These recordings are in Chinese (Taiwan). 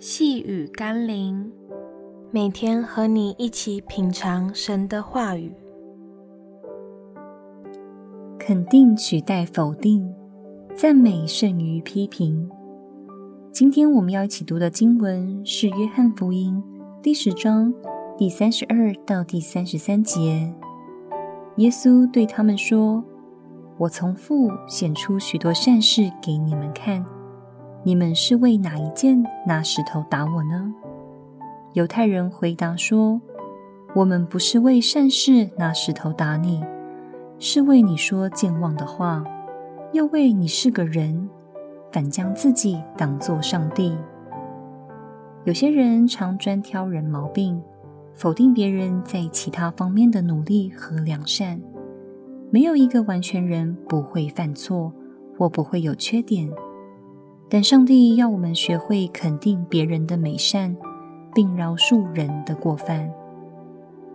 細語甘霖，每天和你一起品嘗神的話語。肯定取代否定，讚美勝於批評。今天我們要一起讀的經文是《約翰福音》第十章第三十二到第三十三節。耶穌對他們說：“我從父顯出許多善事給你們看。”你們是為哪一件拿石頭打我呢？猶太人回答說：“我們不是為善事拿石頭打你，是為你說僭妄的話，又為你是個人，反將自己當作上帝。”有些人常專挑人毛病，否定別人在其他方面的努力和良善。沒有一個完全人不會犯錯或不會有缺點。但上帝要我們學會肯定別人的美善，並饒恕人的過犯。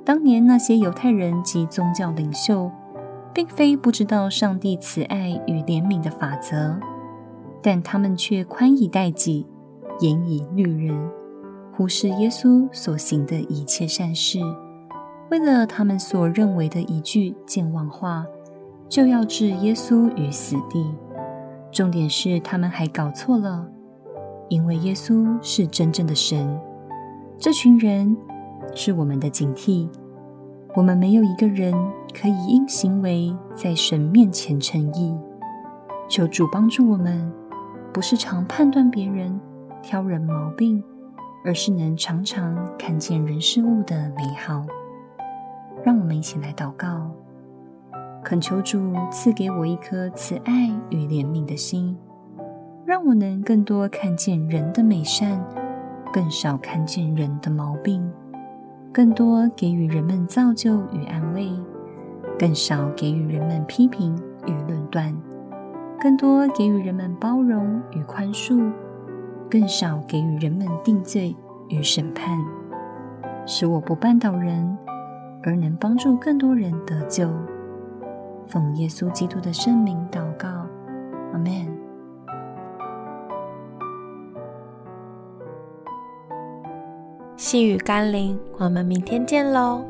當年那些猶太人及宗教領袖，並非不知道上帝慈愛與憐憫的法則，但他們卻寬以待己，嚴以律人，忽視耶穌所行的一切善事，為了他們所認為的一句僭妄話，就要置耶穌於死地。重點是，他們還搞錯了，因為耶穌是真正的神。這群人是我們的警惕。我們沒有一個人可以因行為在神面前稱義。求主幫助我們，不是常判斷別人、挑人毛病，而是能常常看見人事物的美好。讓我們一起來禱告。懇求主賜給我一顆慈愛與憐憫的心，讓我能更多看見人的美善，更少看見人的毛病；更多給予人們造就與安慰，更少給予人們批評與論斷；更多給予人們包容與寬恕，更少給予人們定罪與審判，使我不絆倒人，而能幫助更多人得救。奉耶穌基督的聖名禱告，阿們。細語甘霖，我們明天見嘍。